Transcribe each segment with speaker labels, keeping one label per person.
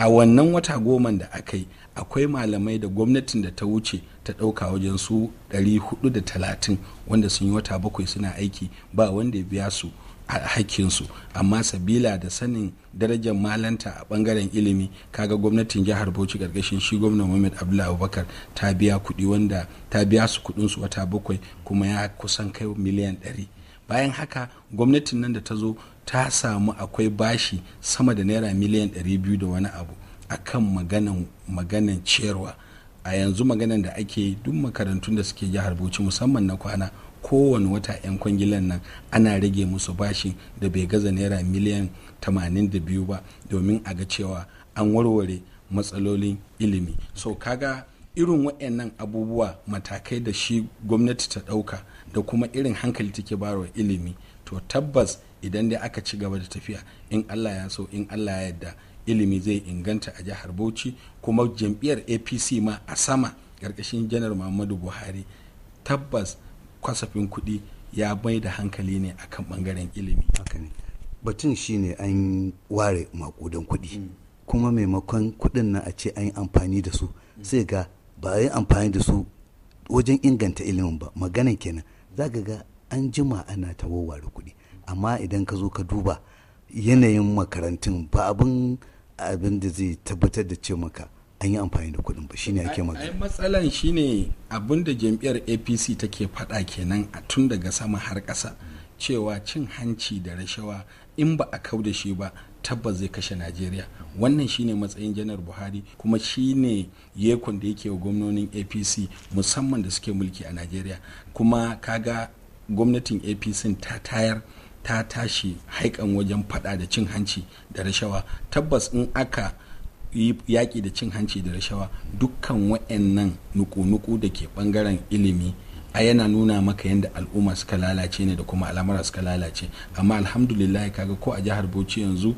Speaker 1: a wannan wata goma da aka yi akwai malamai da gwamnatin da ta wuce ta ɗauka wajen su 430 wanda sun yi wata bakwai suna aiki ba wanda ya biya su a hakkinsu amma sabila da sanin darajar malanta a bangaren ilimi kaga gwamnatin jihar bauchi karkashin shi gwamnan muhammad abdullahi abubakar ta biya kuɗi wanda biya su kuɗin su wata bakwai kuma ya kusan kai miliyan ɗari bayan haka gwamnatin nan da ta zo ta samu akwai bashi sama da naira miliyan 200 da wani abu akan maganan maganan ciyarwa a yanzu maganan da ake duk makarantun da suke jihar bauchi musamman na kwana kowane wata 'yan kwangilan nan ana rage musu bashi da bai gaza naira miliyan 82 ba domin a ga cewa an warware matsalolin ilimi so kaga irin waɗannan abubuwa matakai da shi gwamnati ta ɗauka da kuma irin hankali take barwa ilimi to tabbas idan dai aka ci gaba da tafiya in allah ya so in allah ya yarda ilimi zai inganta a jihar bauchi kuma jam'iyyar apc ma a sama ƙarƙashin janar muhammadu buhari tabbas kasafin kuɗi ya bai da hankali ne akan ɓangaren ilimi
Speaker 2: batun shine an ware makudan kuɗi mm. kuma maimakon kuɗin nan a ce an yi amfani da su mm. sai ga ba a yi amfani da su wajen inganta ilimin ba maganan kenan za ga an jima ana ta wawware kuɗi amma idan ka zo ka duba yanayin makarantun ba abin abin da zai
Speaker 1: tabbatar da ce maka an yi amfani da kuɗin ba shine ake magana. matsalan shine abin da jam'iyyar APC take faɗa kenan a tun daga sama har ƙasa cewa cin hanci da rashawa in ba a kau da shi ba tabbas zai kashe najeriya wannan shine matsayin janar buhari kuma shine yekun da yake wa gwamnonin apc musamman da suke mulki a najeriya kuma kaga gwamnatin apc ta tayar ta tashi haikan wajen fada da cin hanci da rashawa tabbas in aka yi yaƙi da cin hanci da rashawa dukkan wa'annan nuku-nuku da ke ɓangaren ilimi a yana nuna maka yadda al'umma suka lalace ne da kuma al'amura suka lalace amma alhamdulillah kaga ko a jihar bauchi yanzu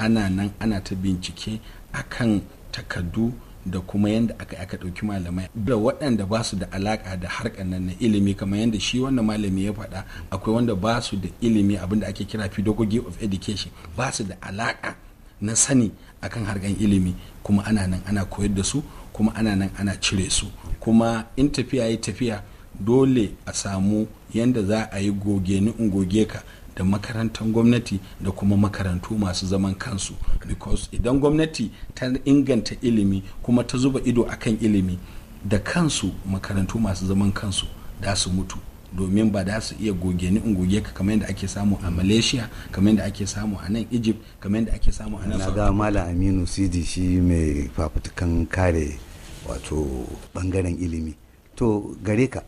Speaker 1: ana nan ana ta bincike a kan takardu da kuma yadda aka aka ɗauki malamai da waɗanda ba su da alaƙa da harkar nan na ilimi kamar yadda shi wanda malami ya faɗa akwai wanda ba su da ilimi abinda ake kira pedagogy of education ba su da alaƙa na sani akan harkar ilimi kuma ana nan ana koyar da su kuma ana nan ana cire su kuma in tafiya ya tafiya dole a samu yadda za a yi goge ni in goge ka da makarantar gwamnati da kuma makarantu masu zaman kansu because idan gwamnati ta inganta ilimi kuma ta zuba ido a kan ilimi da kansu makarantu masu zaman kansu da su mutu domin ba da su iya goge ni in goge ka kamar yadda ake samu a malaysia kamar yadda ake samu a nan egypt kamar yadda ake samu a nan na ga malam
Speaker 2: aminu sidi shi mai fafutukan kare wato bangaren ilimi to
Speaker 3: gare ka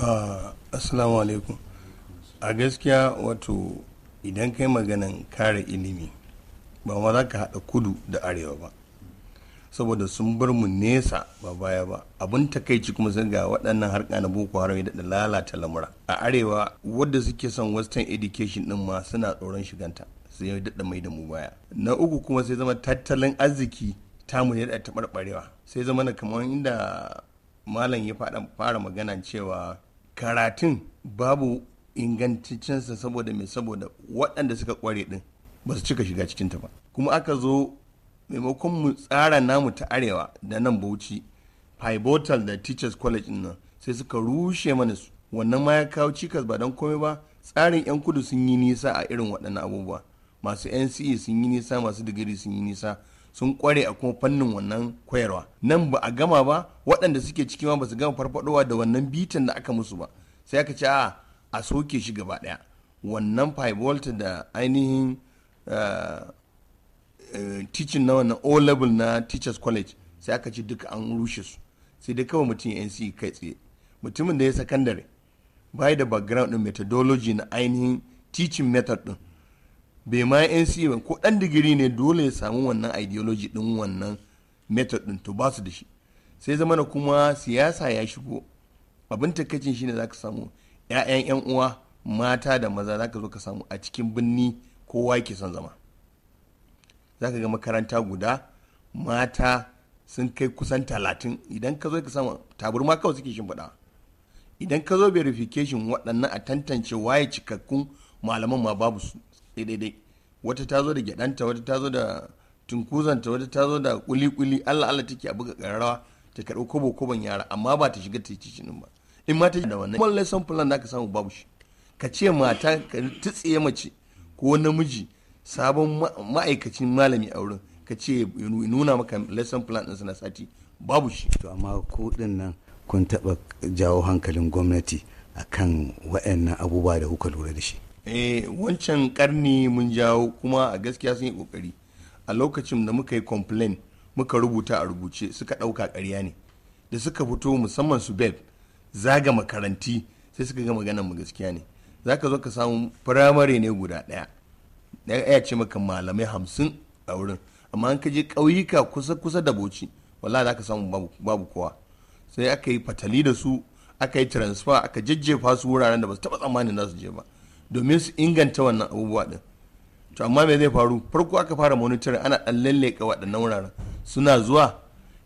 Speaker 3: ah, assalamu alaikum a gaskiya wato idan kai maganan kare ilimi ba ma za ka haɗa kudu da arewa ba saboda sun bar mu nesa ba baya ba abin takaici kuma sun ga waɗannan harka na boko haram da lalata lamura a arewa wadda suke son western education din ma suna tsoron shiganta sai ya daɗa mai da mu baya na uku kuma sai zama tattalin arziki ta mu da taɓarɓarewa sai zama na kamar inda malam ya fara magana cewa karatun babu ingantaccensa saboda mai saboda waɗanda suka kware din ba su cika shiga cikinta ba kuma aka zo maimakon mu tsara namu ta arewa da nan bauchi pivotal da teachers college nan sai suka rushe mana su wannan ma ya kawo cikas ba don komai ba tsarin 'yan kudu sun yi nisa a irin waɗannan abubuwa masu nce sun yi nisa masu digiri sun yi nisa sun kware a kuma fannin wannan koyarwa nan ba a gama ba waɗanda suke ciki ma ba su gama farfadowa da wannan bitan da aka musu ba sai aka ce a a soke shi gaba daya wannan 5 volt da ainihin eh, eh, teaching na wannan o level na teachers college sai aka ci duka an rushe su sai dai kawai mutum ya nc e kai tsaye mutumin da ya sakandare bai da background din methodology na ainihin teaching method din bai ma nc e ba ko dan digiri ne dole ya samu wannan ideology din wannan method din to ba su da shi sai zama na kuma siyasa ya shigo abin takaicin shine zaka samu 'ya'yan 'yan uwa mata da maza za ka zo ka samu a cikin birni kowa ke son zama za ka ga makaranta guda mata sun kai kusan talatin idan ka zo ka samu taburma kawai suke shimfiɗa idan ka zo verification waɗannan a tantance waye cikakkun malaman ma babu su daidai wata ta zo da gyaɗanta wata ta zo da tunkuzanta wata ta zo da kuli-kuli allah allah take a buga ƙararrawa ta karɓi kobo koban yara amma ba ta shiga ta yi ba in mata da wannan kuma lesson plan da samu babu shi ka ce mata ka tsiye mace ko namiji sabon ma'aikacin malami a wurin ka ce nuna maka lesson plan din na sati babu shi to amma ko din nan
Speaker 2: kun taɓa jawo hankalin gwamnati akan waɗannan abubuwa da kuka lura da shi
Speaker 3: eh wancan karni mun jawo kuma a gaskiya sun yi kokari a lokacin da muka yi complain muka rubuta a rubuce suka ɗauka ƙarya ne da suka fito musamman su beb zaga makaranti sai suka ga magana mu gaskiya ne za ka zo ka samu firamare ne guda ɗaya ya ce maka malamai hamsin a wurin amma an ka je ƙauyuka kusa kusa da boci wallahi za ka samu babu kowa sai aka yi fatali da su aka yi transfer aka jajjefa su wuraren da ba su taɓa tsammanin za su je ba domin su inganta wannan abubuwa ɗin to amma me zai faru farko aka fara monitoring ana ɗan lalleka waɗannan wuraren suna zuwa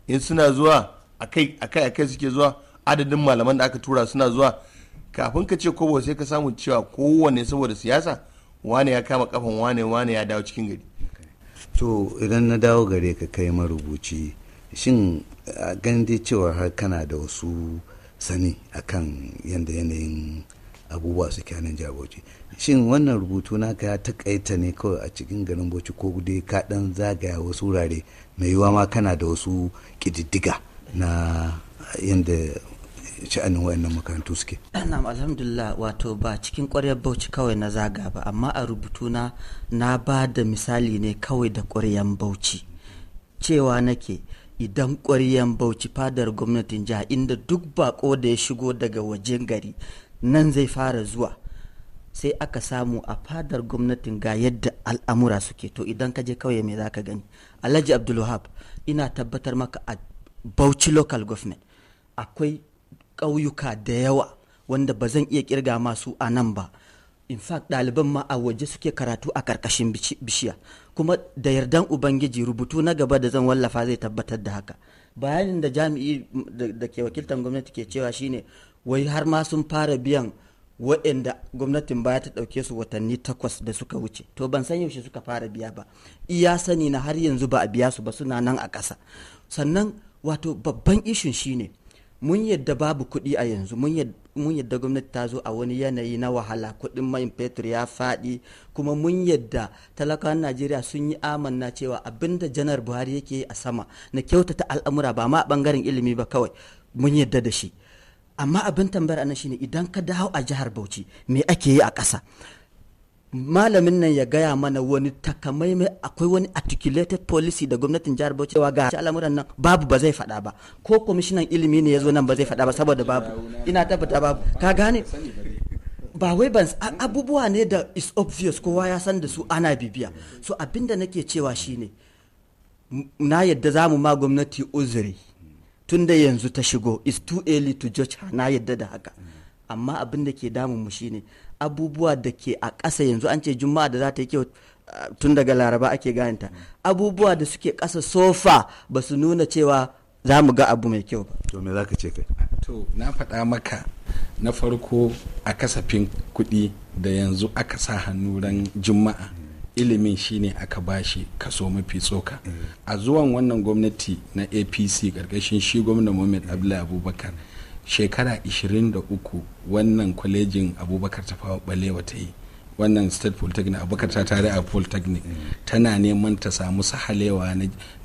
Speaker 3: in suna zuwa akai akai akai suke zuwa adadin malaman da aka tura suna zuwa kafin ka ce kobo sai ka samu cewa kowanne saboda siyasa wane ya kama kafan wane wane ya dawo cikin gari
Speaker 2: to idan na dawo gare ka kai marubuci shin a gandi cewa har kana da wasu sani akan yadda yanayin abubuwa su kyanin jaboci shin wannan rubutu naka ya takaita ne kawai a cikin garin bauchi ko dai ka dan zagaya wasu wurare mai yiwuwa ma kana da wasu kididdiga na yadda an wayannan
Speaker 4: makarantu suke na'am alhamdulillah wato ba cikin ƙwaryar bauchi kawai na zaga ba amma a rubutu na ba da misali ne kawai da ƙwaryar bauchi cewa nake idan ƙwaryan bauchi fadar gwamnatin jiha inda duk bako da ya shigo daga wajen gari nan zai fara zuwa sai aka samu a fadar gwamnatin ga yadda al'amura suke to idan ka je kawai mai za ka gani alhaji abdulwahab ina tabbatar maka a bauchi local government akwai ƙauyuka da yawa wanda ba zan iya kirga masu a nan ba in fact ɗaliban ma a waje suke karatu a ƙarƙashin bishiya kuma da yardan ubangiji rubutu na gaba da zan wallafa zai tabbatar da haka bayanin da jami'i da ke wakiltar gwamnati ke cewa shine wai har ma sun fara biyan waɗanda gwamnatin baya ta ɗauke su watanni takwas da suka wuce to ban san yaushe suka fara biya ba iya sani na har yanzu ba a biya su ba suna nan a ƙasa sannan wato babban ishin shine mun yadda babu kuɗi a yanzu mun yadda gwamnati ta zo a wani yanayi na wahala kuɗin mai fetur ya faɗi kuma mun yadda talakawan najeriya sun yi amanna cewa abinda janar buhari yake a sama na kyautata al'amura ba ma bangaren ilimi ba kawai mun yadda da shi amma abin tambayar na shine idan ka dawo a jihar bauchi me ake yi a ƙasa malamin nan ya gaya mana wani takamaimai akwai wani articulated policy da gwamnatin jihar Bauchi cewa ga al'amuran nan babu ba zai faɗa ba ko kwamishinan ilimi ne ya zo nan ba zai faɗa ba saboda babu ina tabbata babu ka gane ba wai ban abubuwa ne da is obvious kowa ya san da su ana bibiya so abinda nake cewa shine na yadda za mu ma gwamnati uzuri tunda yanzu ta shigo is too early to judge na yadda da haka amma abinda ke damun mu shine abubuwa da ke a ƙasa yanzu an ce juma'a da za ta yi kyau eh, tun daga laraba ake ganta abubuwa da suke ƙasa sofa ba su nuna cewa za mu ga abu mai kyau ba
Speaker 1: to me za ka ce kai to na faɗa maka na farko a kasafin kuɗi da yanzu aka sa hannu ran juma'a ilimin shine aka bashi kaso mafi tsoka eh. a zuwan wannan gwamnati na apc ƙarƙashin shi gwamna muhammad abdullahi abubakar shekara 23 wannan kwalejin abubakar tafawa balewa ta yi wannan state polytechnic abubakar ta tare a polytechnic tana neman ta samu sahalewa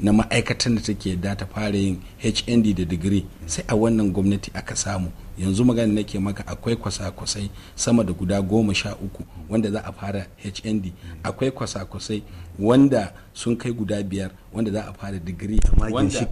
Speaker 1: na ma'aikatan da take da ta fara yin hnd da degree sai a wannan gwamnati aka samu yanzu magana nake maka akwai kwasa-kwasai sama da guda goma sha uku wanda za a fara hnd akwai kwasa-kwasai wanda sun kai guda biyar wanda za a fara degree. wanda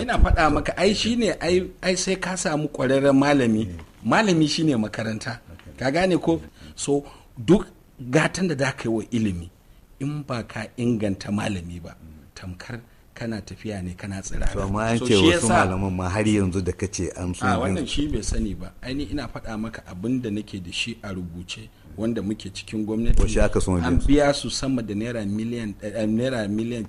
Speaker 1: ina faɗa maka ai shine ai sai ka samu ƙwararren malami eh. malami shine makaranta ka gane ko so duk gatan da za ka yi wa ilimi in ba ka inganta malami ba tamkar kana tafiya ne kana tsira to ma an ce wasu malaman ma
Speaker 2: har yanzu da kace an sun a wannan
Speaker 1: shi bai sani ba aini ina faɗa maka abin da nake da shi a rubuce wanda muke cikin gwamnati an biya su sama da naira miliyan eh, naira miliyan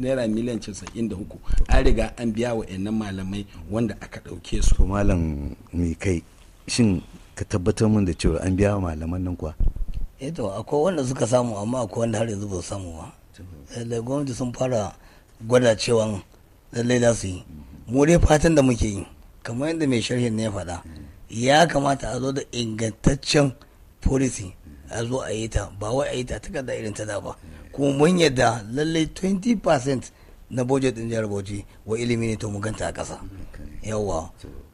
Speaker 1: naira 93 an riga an biya wa malamai wanda aka ɗauke
Speaker 2: su malam mai kai shin ka tabbatar min da cewa an biya malaman nan kuwa
Speaker 1: eh to
Speaker 4: akwai wanda suka samu amma akwai wanda har yanzu ba su samu ba lallai gwamnati sun fara gwada cewa lallai za su yi mu dai fatan da muke yi kamar yadda mai sharhin ne ya faɗa ya kamata a zo da ingantaccen policy a zo a yi ta ba wai a yi ta takarda irin ta da ba kuma mun yadda lallai 20% na budget din jihar Bauchi wa ilimi ne to mu ganta a ƙasa yawwa